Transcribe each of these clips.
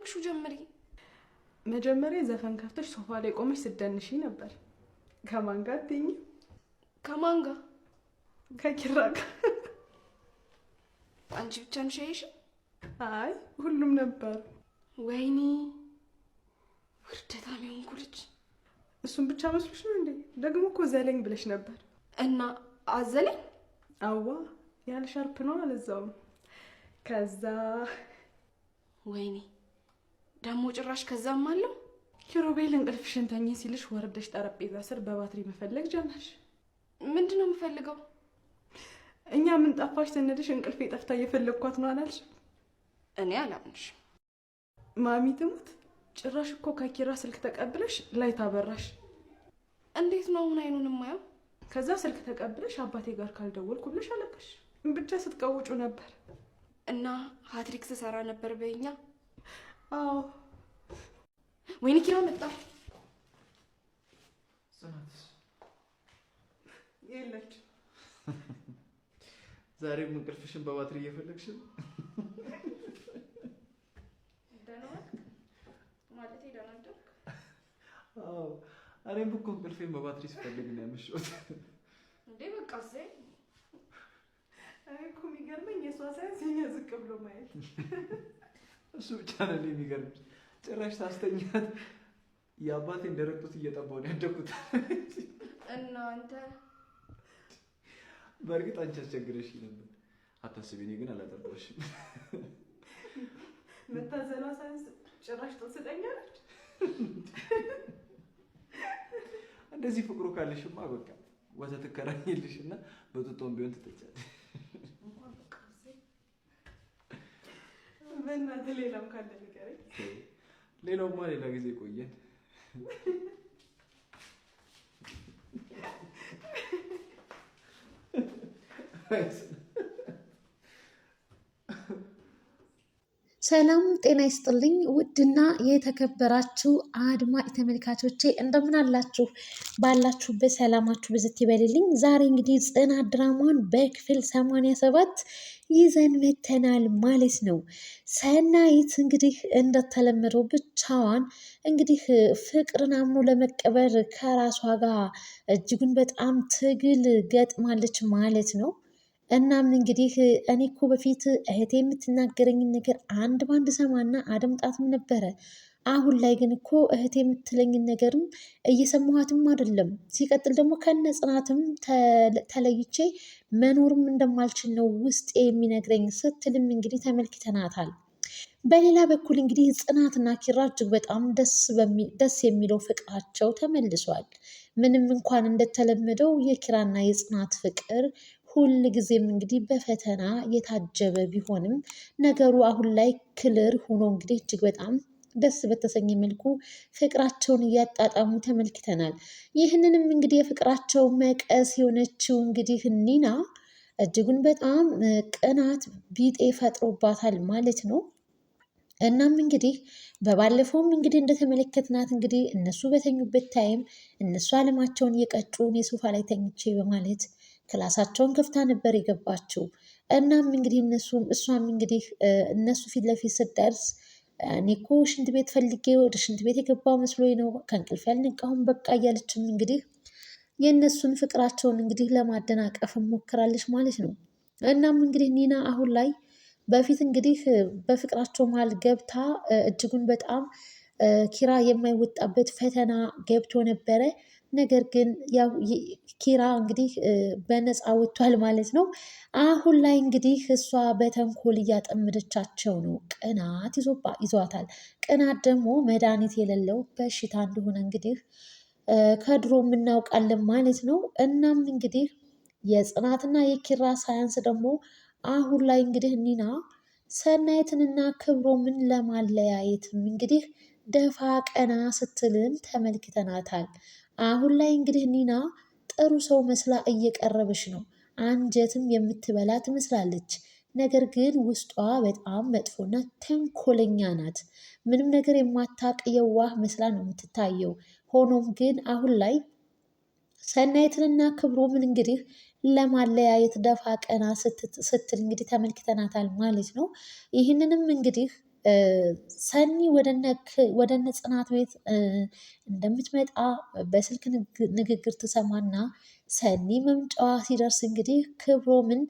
ከፈለግሽው ጀምሪ። መጀመሪያ ዘፈን ከፍተሽ ሶፋ ላይ ቆመሽ ስደንሽ ነበር። ከማን ጋር ትኝ? ከማን ጋር? ከኪራ ጋር። አንቺ ብቻ ነሽ? አይ ሁሉም ነበር። ወይኔ ውርደታም የሆንኩ ልጅ። እሱም ብቻ መስሎሽ ነው እንዴ? ደግሞ እኮ ዘለኝ ብለሽ ነበር። እና አዘለኝ? አዋ ያለ ሻርፕ ነው አለዛውም። ከዛ ወይኔ ደግሞ ጭራሽ ከዛም አለው ኪሮቤል እንቅልፍሽን ተኝ ሲልሽ ወርደሽ ጠረጴዛ ስር በባትሪ መፈለግ ጀመርሽ። ምንድን ነው የምፈልገው? እኛ ምን ጠፋሽ ስንልሽ እንቅልፍ የጠፍታ እየፈለግኳት ነው አላልሽ? እኔ አላምንሽ። ማሚ ትሙት፣ ጭራሽ እኮ ከኪራ ስልክ ተቀብለሽ ላይ ታበራሽ። እንዴት ነው አሁን አይኑን ማየው? ከዛ ስልክ ተቀብለሽ አባቴ ጋር ካልደወልኩ ብለሽ አለቀሽ። ብቻ ስትቀውጩ ነበር እና ሀትሪክ ስሰራ ነበር በኛ አዎ ወይኔ ኪራ መጣ። ጽናት የለች። ዛሬም እንቅልፍሽን በባትሪ እየፈለግሽ ነው ማለት እኔም እኮ እንቅልፌን በባትሪ ስፈልግ ነው ያመሸሁት። እንዴ በቃ እኮ የሚገርመኝ የሷ ሳይንስ ዝቅ ብሎ ማየት እሱ ብቻ ነው የሚገርም። ጭራሽ ታስተኛት የአባቴ እንደረግጡት እየጠባሁ ነው ያደኩት። እናንተ በእርግጥ አንቺ አስቸግረሽ ነበር፣ አታስቢ። እኔ ግን አላጠርቆሽም። መታዘኗ ሳይንስ ጭራሽ ትወስደኛለች። እንደዚህ ፍቅሩ ካለሽማ በቃ ወተት ትከራኝልሽ እና በጡጦም ቢሆን ትጠጫለሽ። በእናትህ ሌላም ካለ ንገረኝ። ሌላውማ ሌላ ጊዜ ቆየን። ሰላም ጤና ይስጥልኝ። ውድና የተከበራችሁ አድማጭ ተመልካቾቼ እንደምን አላችሁ? ባላችሁበት ሰላማችሁ ብዝት ይበልልኝ። ዛሬ እንግዲህ ጽናት ድራማን በክፍል ሰማንያ ሰባት ይዘን መተናል ማለት ነው። ሰናይት እንግዲህ እንደተለመደው ብቻዋን እንግዲህ ፍቅርን አምኖ ለመቀበር ከራሷ ጋር እጅጉን በጣም ትግል ገጥማለች ማለት ነው። እናም እንግዲህ እኔ እኮ በፊት እህቴ የምትናገረኝን ነገር አንድ ባንድ ሰማና አደምጣትም ነበረ አሁን ላይ ግን እኮ እህት የምትለኝን ነገርም እየሰማኋትም አይደለም። ሲቀጥል ደግሞ ከነ ጽናትም ተለይቼ መኖርም እንደማልችል ነው ውስጤ የሚነግረኝ ስትልም እንግዲህ ተመልክተናታል። በሌላ በኩል እንግዲህ ጽናትና ኪራ እጅግ በጣም ደስ የሚለው ፍቅራቸው ተመልሷል። ምንም እንኳን እንደተለመደው የኪራና የጽናት ፍቅር ሁል ጊዜም እንግዲህ በፈተና የታጀበ ቢሆንም ነገሩ አሁን ላይ ክልር ሆኖ እንግዲህ እጅግ በጣም ደስ በተሰኘ መልኩ ፍቅራቸውን እያጣጣሙ ተመልክተናል። ይህንንም እንግዲህ የፍቅራቸው መቀስ የሆነችው እንግዲህ ኒና እጅጉን በጣም ቅናት ቢጤ ፈጥሮባታል ማለት ነው። እናም እንግዲህ በባለፈውም እንግዲህ እንደተመለከትናት እንግዲህ እነሱ በተኙበት ታይም እነሱ አለማቸውን እየቀጩ እኔ ሶፋ ላይ ተኝቼ በማለት ክላሳቸውን ከፍታ ነበር የገባችው። እናም እንግዲህ እነሱም እሷም እንግዲህ እነሱ ፊት ለፊት ስትደርስ እኔ እኮ ሽንት ቤት ፈልጌ ወደ ሽንት ቤት የገባ መስሎ ነው ከእንቅልፍ ያልንቃሁን በቃ እያለችም እንግዲህ የእነሱን ፍቅራቸውን እንግዲህ ለማደናቀፍ ሞክራለች ማለት ነው። እናም እንግዲህ ኒና አሁን ላይ በፊት እንግዲህ በፍቅራቸው መሀል ገብታ እጅጉን በጣም ኪራ የማይወጣበት ፈተና ገብቶ ነበረ። ነገር ግን ያው ኪራ እንግዲህ በነፃ ወጥቷል ማለት ነው። አሁን ላይ እንግዲህ እሷ በተንኮል እያጠመደቻቸው ነው። ቅናት ይዟታል። ቅናት ደግሞ መድኃኒት የሌለው በሽታ እንደሆነ እንግዲህ ከድሮ የምናውቃለን ማለት ነው። እናም እንግዲህ የጽናትና የኪራ ሳያንስ ደግሞ አሁን ላይ እንግዲህ ኒና ሰናይትንና ክብሮምን ለማለያየትም እንግዲህ ደፋ ቀና ስትልም ተመልክተናታል። አሁን ላይ እንግዲህ ኒና ጥሩ ሰው መስላ እየቀረበች ነው። አንጀትም የምትበላ ትመስላለች። ነገር ግን ውስጧ በጣም መጥፎና ተንኮለኛ ናት። ምንም ነገር የማታቅ የዋህ መስላ ነው የምትታየው። ሆኖም ግን አሁን ላይ ሰናይትንና ክብሮምን እንግዲህ ለማለያየት ደፋ ቀና ስትል እንግዲህ ተመልክተናታል ማለት ነው። ይህንንም እንግዲህ ሰኒ ወደነ ጽናት ቤት እንደምትመጣ በስልክ ንግግር ትሰማና ሰኒ መምጫዋ ሲደርስ እንግዲህ ክብሮምን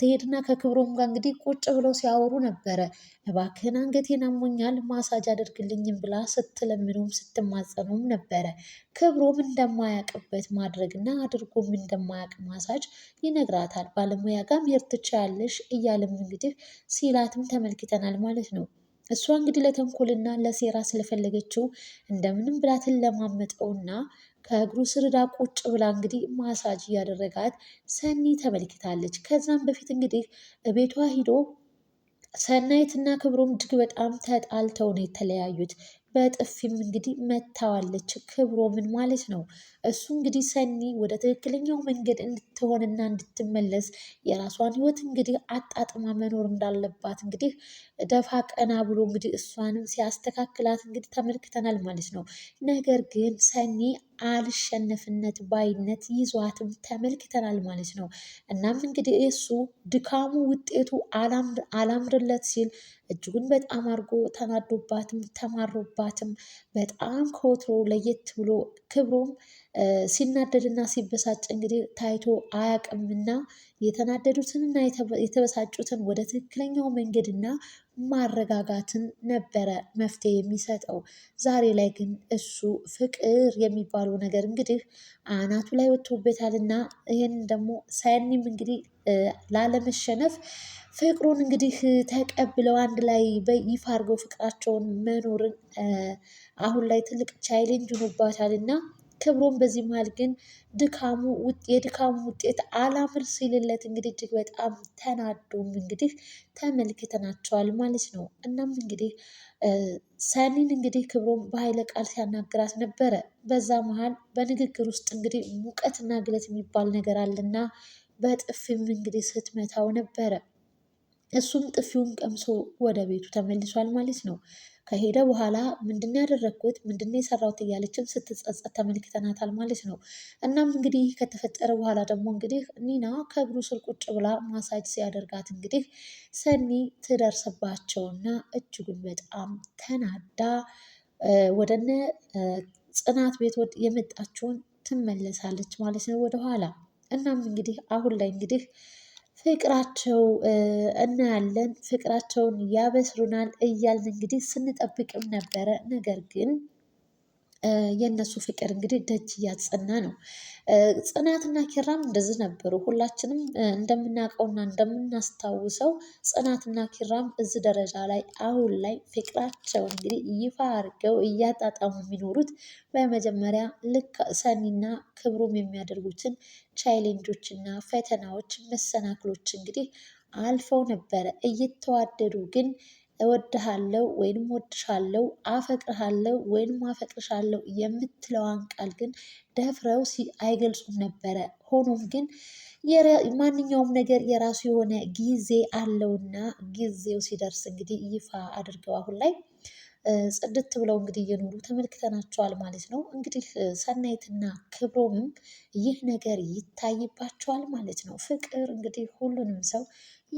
ትሄድና ከክብሮም ጋር እንግዲህ ቁጭ ብለው ሲያወሩ ነበረ። እባክህን አንገቴን አሞኛል ማሳጅ አድርግልኝም ብላ ስትለምነውም ስትማጸነውም ነበረ። ክብሮም እንደማያቅበት ማድረግና አድርጎም እንደማያቅ ማሳጅ ይነግራታል። ባለሙያ ጋር መሄድ ትችያለሽ እያለም እንግዲህ ሲላትም ተመልክተናል ማለት ነው። እሷ እንግዲህ ለተንኮልና ለሴራ ስለፈለገችው እንደምንም ብላትን ለማመጠውና ከእግሩ ስርዳ ቁጭ ብላ እንግዲህ ማሳጅ እያደረጋት ሰኒ ተመልክታለች። ከዛም በፊት እንግዲህ ቤቷ ሂዶ ሰናይትና ክብሩም እጅግ በጣም ተጣልተው ነው የተለያዩት። በጥፊም እንግዲህ መታዋለች ክብሮምን ማለት ነው። እሱ እንግዲህ ሰኒ ወደ ትክክለኛው መንገድ እንድትሆንና እንድትመለስ የራሷን ህይወት እንግዲህ አጣጥማ መኖር እንዳለባት እንግዲህ ደፋ ቀና ብሎ እንግዲህ እሷንም ሲያስተካክላት እንግዲህ ተመልክተናል ማለት ነው። ነገር ግን ሰኒ አልሸነፍነት ባይነት ይዟትም ተመልክተናል ማለት ነው። እናም እንግዲህ እሱ ድካሙ ውጤቱ አላምርለት ሲል እጅጉን በጣም አድርጎ ተናዶባትም ተማሮባትም በጣም ከወትሮ ለየት ብሎ ክብሮም ሲናደድና ሲበሳጭ እንግዲህ ታይቶ አያቅምና የተናደዱትንና የተበሳጩትን ወደ ትክክለኛው መንገድና ማረጋጋትን ነበረ መፍትሄ የሚሰጠው። ዛሬ ላይ ግን እሱ ፍቅር የሚባለው ነገር እንግዲህ አናቱ ላይ ወጥቶበታልና ይህን ደግሞ ሳያኒም እንግዲህ ላለመሸነፍ ፍቅሩን እንግዲህ ተቀብለው አንድ ላይ በይፋ አድርገው ፍቅራቸውን መኖርን አሁን ላይ ትልቅ ቻይሌንጅ ሆኖባታልና ክብሮም በዚህ መሀል ግን ድካሙ የድካሙ ውጤት አላምር ሲልለት እንግዲህ እጅግ በጣም ተናዶም እንግዲህ ተመልክተናቸዋል ማለት ነው። እናም እንግዲህ ሰኒን እንግዲህ ክብሮም በኃይለ ቃል ሲያናግራት ነበረ። በዛ መሀል በንግግር ውስጥ እንግዲህ ሙቀትና ግለት የሚባል ነገር አለና በጥፊም እንግዲህ ስትመታው ነበረ። እሱም ጥፊውን ቀምሶ ወደ ቤቱ ተመልሷል ማለት ነው። ከሄደ በኋላ ምንድን ያደረግኩት ምንድነው የሰራሁት እያለችም ስትጸጸት ተመልክተናታል ማለት ነው። እናም እንግዲህ ከተፈጠረ በኋላ ደግሞ እንግዲህ ኒና ከእግሩ ስር ቁጭ ብላ ማሳጅ ሲያደርጋት እንግዲህ ሰኒ ትደርስባቸውና እጅጉን በጣም ተናዳ ወደነ ጽናት ቤት የመጣችውን ትመለሳለች ማለት ነው ወደኋላ። እናም እንግዲህ አሁን ላይ እንግዲህ ፍቅራቸው እናያለን፣ ፍቅራቸውን ያበስሩናል እያልን እንግዲህ ስንጠብቅም ነበረ። ነገር ግን የእነሱ ፍቅር እንግዲህ ደጅ እያጸና ነው። ጽናትና ኪራም እንደዚህ ነበሩ። ሁላችንም እንደምናውቀውና እንደምናስታውሰው ጽናትና ኪራም እዚህ ደረጃ ላይ አሁን ላይ ፍቅራቸው እንግዲህ ይፋ አድርገው እያጣጣሙ የሚኖሩት በመጀመሪያ ልክ ሰኒና ክብሩም የሚያደርጉትን ቻይሌንጆችና ፈተናዎች መሰናክሎች እንግዲህ አልፈው ነበረ እየተዋደዱ ግን እወድሃለሁ ወይንም እወድሻለሁ፣ አፈቅርሃለሁ ወይንም አፈቅርሻለሁ የምትለዋን ቃል ግን ደፍረው አይገልጹም ነበረ። ሆኖም ግን ማንኛውም ነገር የራሱ የሆነ ጊዜ አለውና ጊዜው ሲደርስ እንግዲህ ይፋ አድርገው አሁን ላይ ጽድት ብለው እንግዲህ እየኖሩ ተመልክተናቸዋል ማለት ነው። እንግዲህ ሰናይትና ክብሮምም ይህ ነገር ይታይባቸዋል ማለት ነው። ፍቅር እንግዲህ ሁሉንም ሰው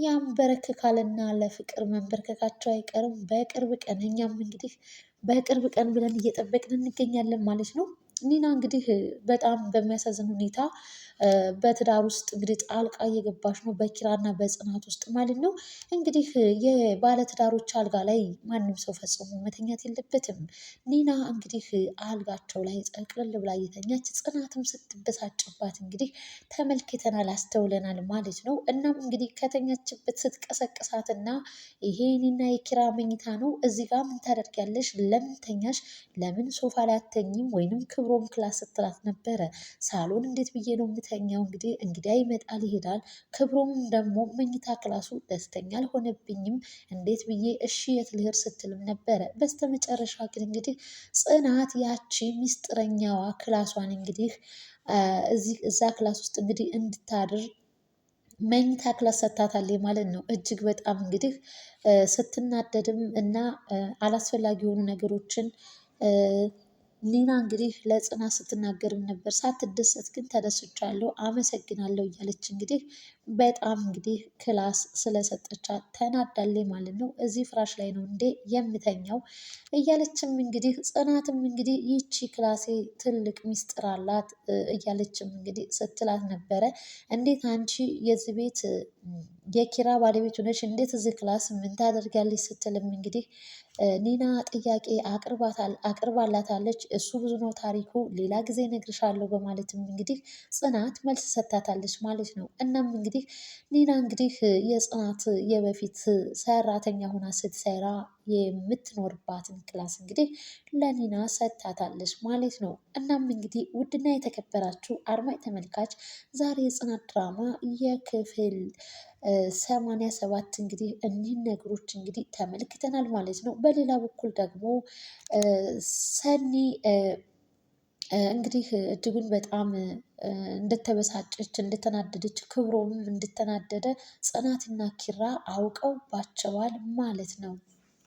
ያንበረክካልና ለፍቅር መንበርከካቸው አይቀርም። በቅርብ ቀን እኛም እንግዲህ በቅርብ ቀን ብለን እየጠበቅን እንገኛለን ማለት ነው። ኒና እንግዲህ በጣም በሚያሳዝን ሁኔታ በትዳር ውስጥ እንግዲህ ጣልቃ እየገባች ነው በኪራና በጽናት ውስጥ ማለት ነው። እንግዲህ የባለትዳሮች አልጋ ላይ ማንም ሰው ፈጽሞ መተኛት የለበትም። ኒና እንግዲህ አልጋቸው ላይ ጠቅልል ብላ እየተኛች ጽናትም ስትበሳጭባት እንግዲህ ተመልክተናል አስተውለናል ማለት ነው። እናም እንግዲህ ከተኛችበት ስትቀሰቅሳትና ይሄ ኒና የኪራ መኝታ ነው እዚህ ጋር ምን ታደርጊያለሽ? ለምን ተኛሽ? ለምን ሶፋ ላይ አተኝም? ወይንም ክብሮም ክላስ ስትላት ነበረ። ሳሎን እንዴት ብዬ ነው ከተኛው እንግዲህ እንግዲያ ይመጣል ይሄዳል። ክብሮም ደግሞ መኝታ ክላሱ ደስተኛ አልሆነብኝም፣ እንዴት ብዬ እሺ የት ልሄድ ስትልም ነበረ። በስተመጨረሻ ግን እንግዲህ ጽናት ያቺ ሚስጥረኛዋ ክላሷን እንግዲህ እዚህ እዛ ክላስ ውስጥ እንግዲህ እንድታድር መኝታ ክላስ ሰጥታታለች ማለት ነው። እጅግ በጣም እንግዲህ ስትናደድም እና አላስፈላጊ የሆኑ ነገሮችን ሊና እንግዲህ ለጽናት ስትናገርም ነበር። ሳትደሰት ግን ተደስቻለሁ፣ አመሰግናለሁ እያለች እንግዲህ በጣም እንግዲህ ክላስ ስለሰጠቻት ተናዳሌ ማለት ነው። እዚህ ፍራሽ ላይ ነው እንዴ የምተኛው እያለችም እንግዲህ ጽናትም እንግዲህ ይቺ ክላሴ ትልቅ ሚስጥር አላት እያለችም እንግዲህ ስትላት ነበረ። እንዴት አንቺ የዚህ ቤት የኪራ ባለቤት ሆነች እንዴት እዚህ ክላስ ምን ስትልም እንግዲህ ኒና ጥያቄ አቅርባላታለች። እሱ ብዙ ነው ታሪኩ፣ ሌላ ጊዜ እነግርሻለሁ በማለትም እንግዲህ ጽናት መልስ ሰታታለች ማለት ነው። እናም እንግዲህ ኒና እንግዲህ የጽናት የበፊት ሰራተኛ ሆና ስትሰራ የምትኖርባትን ክላስ እንግዲህ ለኒና ሰጥታታለች ማለት ነው። እናም እንግዲህ ውድና የተከበራችሁ አድማጭ ተመልካች ዛሬ የጽናት ድራማ የክፍል ሰማንያ ሰባት እንግዲህ እኒህን ነገሮች እንግዲህ ተመልክተናል ማለት ነው። በሌላ በኩል ደግሞ ሰኒ እንግዲህ እጅጉን በጣም እንደተበሳጨች እንደተናደደች፣ ክብሮም እንደተናደደ ጽናትና ኪራ አውቀውባቸዋል ማለት ነው።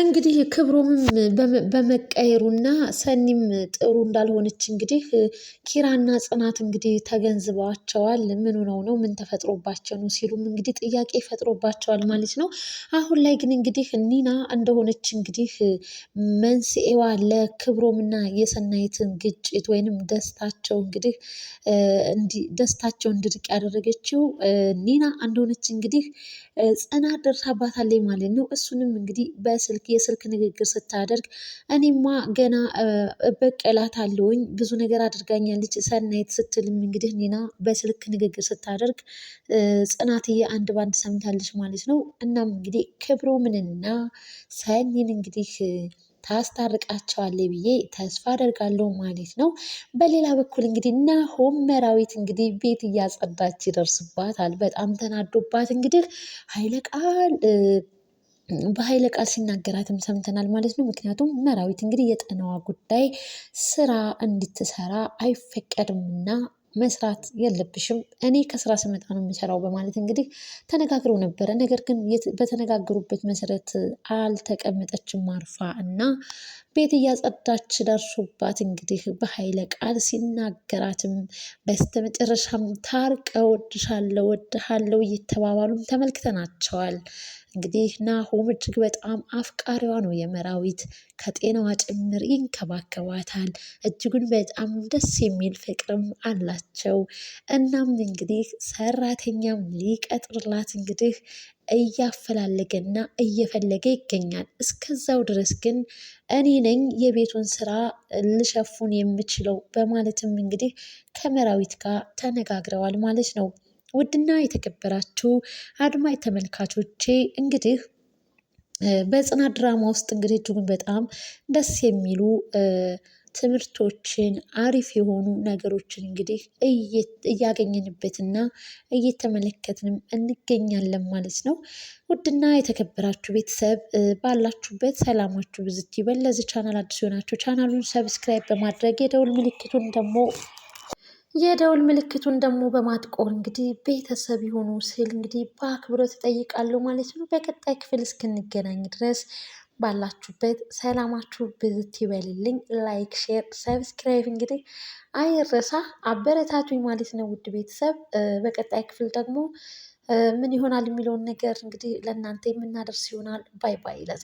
እንግዲህ ክብሮምም በመቀየሩና ሰኒም ጥሩ እንዳልሆነች እንግዲህ ኪራና ጽናት እንግዲህ ተገንዝበዋቸዋል። ምን ሆነው ነው? ምን ተፈጥሮባቸው ነው? ሲሉም እንግዲህ ጥያቄ ፈጥሮባቸዋል ማለት ነው። አሁን ላይ ግን እንግዲህ ኒና እንደሆነች እንግዲህ መንስኤዋ ለክብሮምና የሰናይትን ግጭት ወይንም ደስታቸው እንግዲህ ደስታቸው እንድርቅ ያደረገችው ኒና እንደሆነች እንግዲህ ጽናት ደርሳባታለች ማለት ነው። እሱንም እንግዲህ በስልክ ስልክ የስልክ ንግግር ስታደርግ እኔማ ገና በቀላት አለውኝ ብዙ ነገር አድርጋኛለች ሰናይት ስትልም እንግዲህ ኒና በስልክ ንግግር ስታደርግ ጽናትዬ አንድ ባንድ ሰምታለች ማለት ነው። እናም እንግዲህ ክብሮምንና ሰኒን እንግዲህ ታስታርቃቸዋለ ብዬ ተስፋ አደርጋለሁ ማለት ነው። በሌላ በኩል እንግዲህ ናሆም መራዊት እንግዲህ ቤት እያጸዳች ይደርስባታል። በጣም ተናዶባት እንግዲህ ኃይለ ቃል በኃይለ ቃል ሲናገራትም ሰምተናል ማለት ነው። ምክንያቱም መራዊት እንግዲህ የጠናዋ ጉዳይ ስራ እንድትሰራ አይፈቀድምና መስራት የለብሽም እኔ ከስራ ስመጣ ነው የምሰራው በማለት እንግዲህ ተነጋግረው ነበረ። ነገር ግን በተነጋገሩበት መሰረት አልተቀመጠችም አርፋ እና ቤት እያጸዳች ደርሶባት እንግዲህ በኃይለ ቃል ሲናገራትም በስተመጨረሻም ታርቀ ወድሻለሁ ወድሃለሁ እየተባባሉም ተመልክተናቸዋል። እንግዲህ ናሆም እጅግ በጣም አፍቃሪዋ ነው የመራዊት ከጤናዋ ጭምር ይንከባከባታል። እጅጉን በጣም ደስ የሚል ፍቅርም አላቸው። እናም እንግዲህ ሰራተኛም ሊቀጥርላት እንግዲህ እያፈላለገና እየፈለገ ይገኛል። እስከዛው ድረስ ግን እኔ ነኝ የቤቱን ስራ ልሸፉን የምችለው በማለትም እንግዲህ ከመራዊት ጋር ተነጋግረዋል ማለት ነው። ውድና የተከበራችሁ አድማጭ ተመልካቾቼ እንግዲህ በጽናት ድራማ ውስጥ እንግዲህ እጅጉን በጣም ደስ የሚሉ ትምህርቶችን አሪፍ የሆኑ ነገሮችን እንግዲህ እያገኘንበትና እየተመለከትንም እንገኛለን ማለት ነው። ውድና የተከበራችሁ ቤተሰብ ባላችሁበት ሰላማችሁ ብዝት ይበል። ለዚህ ቻናል አዲስ የሆናችሁ ቻናሉን ሰብስክራይብ በማድረግ የደውል ምልክቱን ደግሞ የደውል ምልክቱን ደግሞ በማጥቆር እንግዲህ ቤተሰብ የሆኑ ስል እንግዲህ በአክብሮት እጠይቃለሁ ማለት ነው። በቀጣይ ክፍል እስክንገናኝ ድረስ ባላችሁበት ሰላማችሁ ብዝት ይበልልኝ። ላይክ፣ ሼር፣ ሰብስክራይብ እንግዲህ አይረሳ አበረታቱኝ ማለት ነው። ውድ ቤተሰብ በቀጣይ ክፍል ደግሞ ምን ይሆናል የሚለውን ነገር እንግዲህ ለእናንተ የምናደርስ ይሆናል። ባይ ባይ።